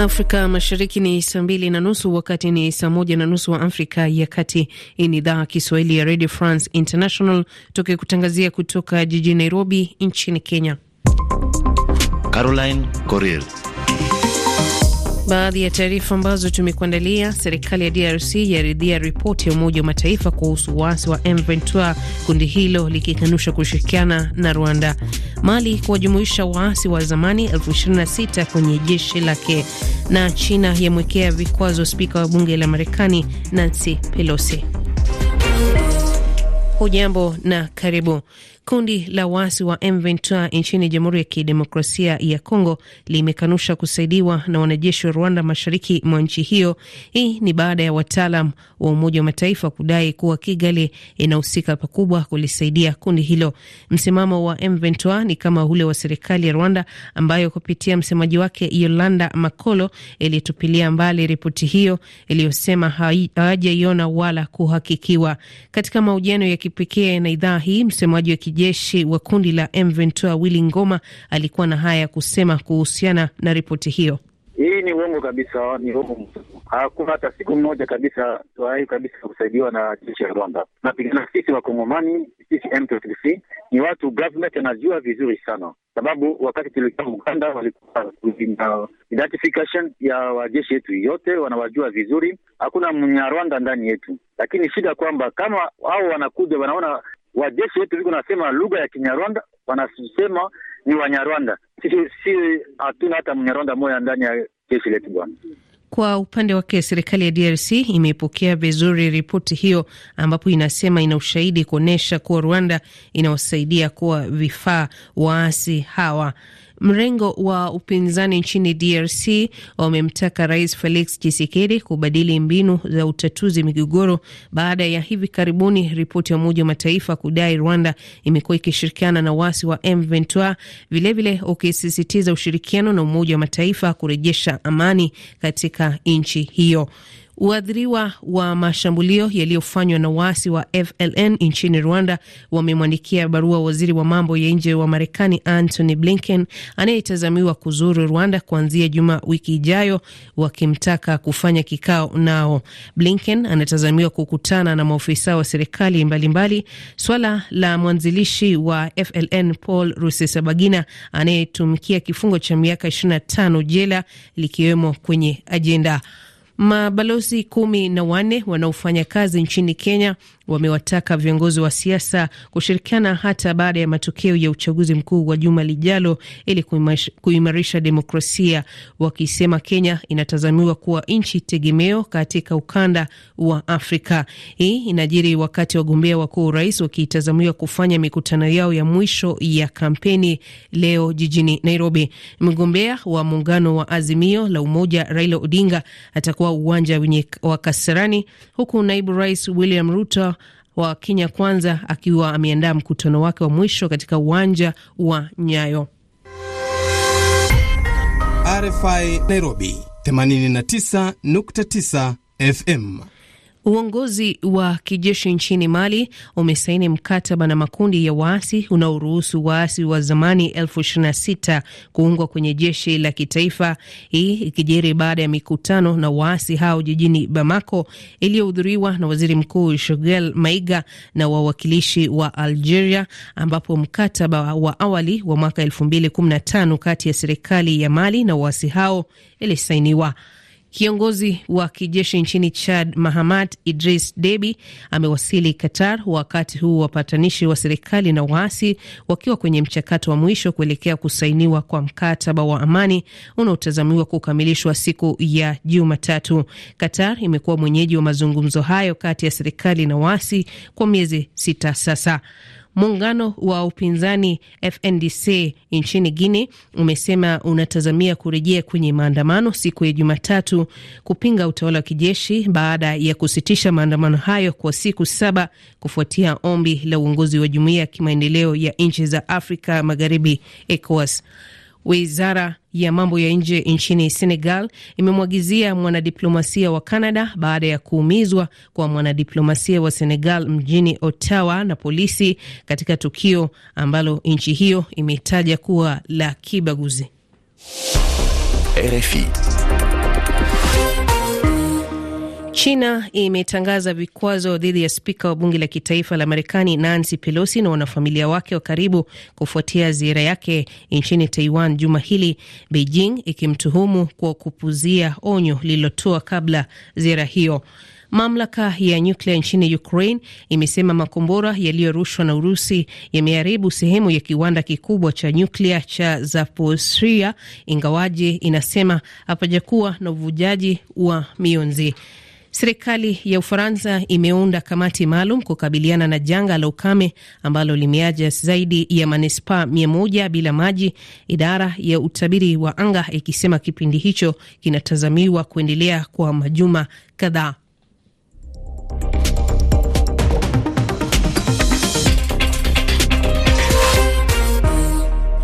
Afrika Mashariki ni saa mbili na nusu, wakati ni saa moja na nusu wa Afrika ya Kati. Hii ni idhaa Kiswahili ya Radio France International, tukikutangazia kutoka jijini Nairobi nchini Kenya. Caroline Coril baadhi ya taarifa ambazo tumekuandalia. Serikali ya DRC yaridhia ripoti ya Umoja wa Mataifa kuhusu waasi wa M23, kundi hilo likikanusha kushirikiana na Rwanda. Mali kuwajumuisha waasi wa zamani 26 kwenye jeshi lake, na China yamwekea vikwazo spika wa bunge la Marekani Nancy Pelosi. Hujambo na karibu. Kundi la waasi wa M23 nchini Jamhuri ya Kidemokrasia ya Kongo limekanusha kusaidiwa na wanajeshi wa Rwanda mashariki mwa nchi hiyo. Hii ni baada ya wataalam wa Umoja wa Mataifa kudai kuwa Kigali inahusika pakubwa kulisaidia kundi hilo. Msimamo wa M23 ni kama ule wa serikali ya Rwanda ambayo kupitia msemaji wake Yolanda Makolo ilitupilia mbali ripoti hiyo iliyosema hawajaiona wala kuhakikiwa. Katika mahojiano ya kipekee na idhaa hii msemaji wa jeshi wa kundi la M23 Willy Ngoma alikuwa na haya ya kusema kuhusiana na ripoti hiyo. Hii ni uongo kabisa, ni uongo. Hakuna hata siku moja kabisa tuwahi kabisa kusaidiwa na jeshi ya Rwanda. Napigana sisi Wakongomani, sisi M23 ni watu government anajua vizuri sana, sababu wakati tulikuwa Uganda walikuwa uh, identification ya wajeshi yetu yote wanawajua vizuri, hakuna Mnyarwanda ndani yetu. Lakini shida kwamba kama hao wanakuja wanaona wajeshi wetu viko nasema lugha ya Kinyarwanda, wanasema ni Wanyarwanda. Sisi si hatuna hata Mnyarwanda moya ndani ya jeshi letu bwana. Kwa upande wake serikali ya DRC imepokea vizuri ripoti hiyo, ambapo inasema ina ushahidi kuonyesha kuwa Rwanda inawasaidia kuwa vifaa waasi hawa. Mrengo wa upinzani nchini DRC wamemtaka Rais Felix Tshisekedi kubadili mbinu za utatuzi migogoro baada ya hivi karibuni ripoti ya Umoja wa Mataifa kudai Rwanda imekuwa ikishirikiana na wasi wa M23, vilevile ukisisitiza ushirikiano na Umoja wa Mataifa kurejesha amani katika nchi hiyo. Waathiriwa wa mashambulio yaliyofanywa na waasi wa FLN nchini Rwanda wamemwandikia barua waziri wa mambo ya nje wa Marekani Antony Blinken anayetazamiwa kuzuru Rwanda kuanzia Juma wiki ijayo, wakimtaka kufanya kikao nao. Blinken anatazamiwa kukutana na maofisa wa serikali mbalimbali. Swala la mwanzilishi wa FLN Paul Rusesabagina anayetumikia kifungo cha miaka 25 jela likiwemo kwenye ajenda. Mabalozi kumi na wanne wanaofanya kazi nchini Kenya wamewataka viongozi wa siasa kushirikiana hata baada ya matokeo ya uchaguzi mkuu wa juma lijalo ili kuimarisha demokrasia, wakisema Kenya inatazamiwa kuwa nchi tegemeo katika ukanda wa Afrika. Hii inajiri wakati wagombea wakuu urais wakitazamiwa kufanya mikutano yao ya mwisho ya kampeni leo jijini Nairobi. Mgombea wa muungano wa Azimio la Umoja Raila Odinga atakuwa uwanja wenye wa Kasarani, huku naibu rais William Ruto wa Kenya Kwanza akiwa ameandaa mkutano wake wa mwisho katika uwanja wa Nyayo. RFI Nairobi 89.9 FM. Uongozi wa kijeshi nchini Mali umesaini mkataba na makundi ya waasi unaoruhusu waasi wa zamani elfu ishirini na sita kuungwa kwenye jeshi la kitaifa, hii ikijiri baada ya mikutano na waasi hao jijini Bamako iliyohudhuriwa na waziri mkuu Shogel Maiga na wawakilishi wa Algeria, ambapo mkataba wa awali wa mwaka elfu mbili kumi na tano kati ya serikali ya Mali na waasi hao ilisainiwa. Kiongozi wa kijeshi nchini Chad, Mahamat Idris debi amewasili Qatar, wakati huu wapatanishi wa serikali na waasi wakiwa kwenye mchakato wa mwisho kuelekea kusainiwa kwa mkataba wa amani unaotazamiwa kukamilishwa siku ya Jumatatu. Qatar imekuwa mwenyeji wa mazungumzo hayo kati ya serikali na waasi kwa miezi sita sasa. Muungano wa upinzani FNDC nchini Guinea umesema unatazamia kurejea kwenye maandamano siku ya Jumatatu kupinga utawala wa kijeshi baada ya kusitisha maandamano hayo kwa siku saba kufuatia ombi la uongozi wa jumuiya ya kimaendeleo ya nchi za Afrika Magharibi ECOWAS. Wizara ya mambo ya nje nchini Senegal imemwagizia mwanadiplomasia wa Canada baada ya kuumizwa kwa mwanadiplomasia wa Senegal mjini Ottawa na polisi katika tukio ambalo nchi hiyo imetaja kuwa la kibaguzi. RFI. China imetangaza vikwazo dhidi ya spika wa bunge la kitaifa la Marekani Nancy Pelosi na wanafamilia wake wa karibu kufuatia ziara yake nchini Taiwan juma hili, Beijing ikimtuhumu kwa kupuzia onyo lililotoa kabla ziara hiyo. Mamlaka ya nyuklia nchini Ukraine imesema makombora yaliyorushwa na Urusi yameharibu sehemu ya kiwanda kikubwa cha nyuklia cha Zaporizhia, ingawaje inasema hapajakuwa na uvujaji wa mionzi. Serikali ya Ufaransa imeunda kamati maalum kukabiliana na janga la ukame ambalo limeaja zaidi ya manispaa mia moja bila maji, idara ya utabiri wa anga ikisema kipindi hicho kinatazamiwa kuendelea kwa majuma kadhaa.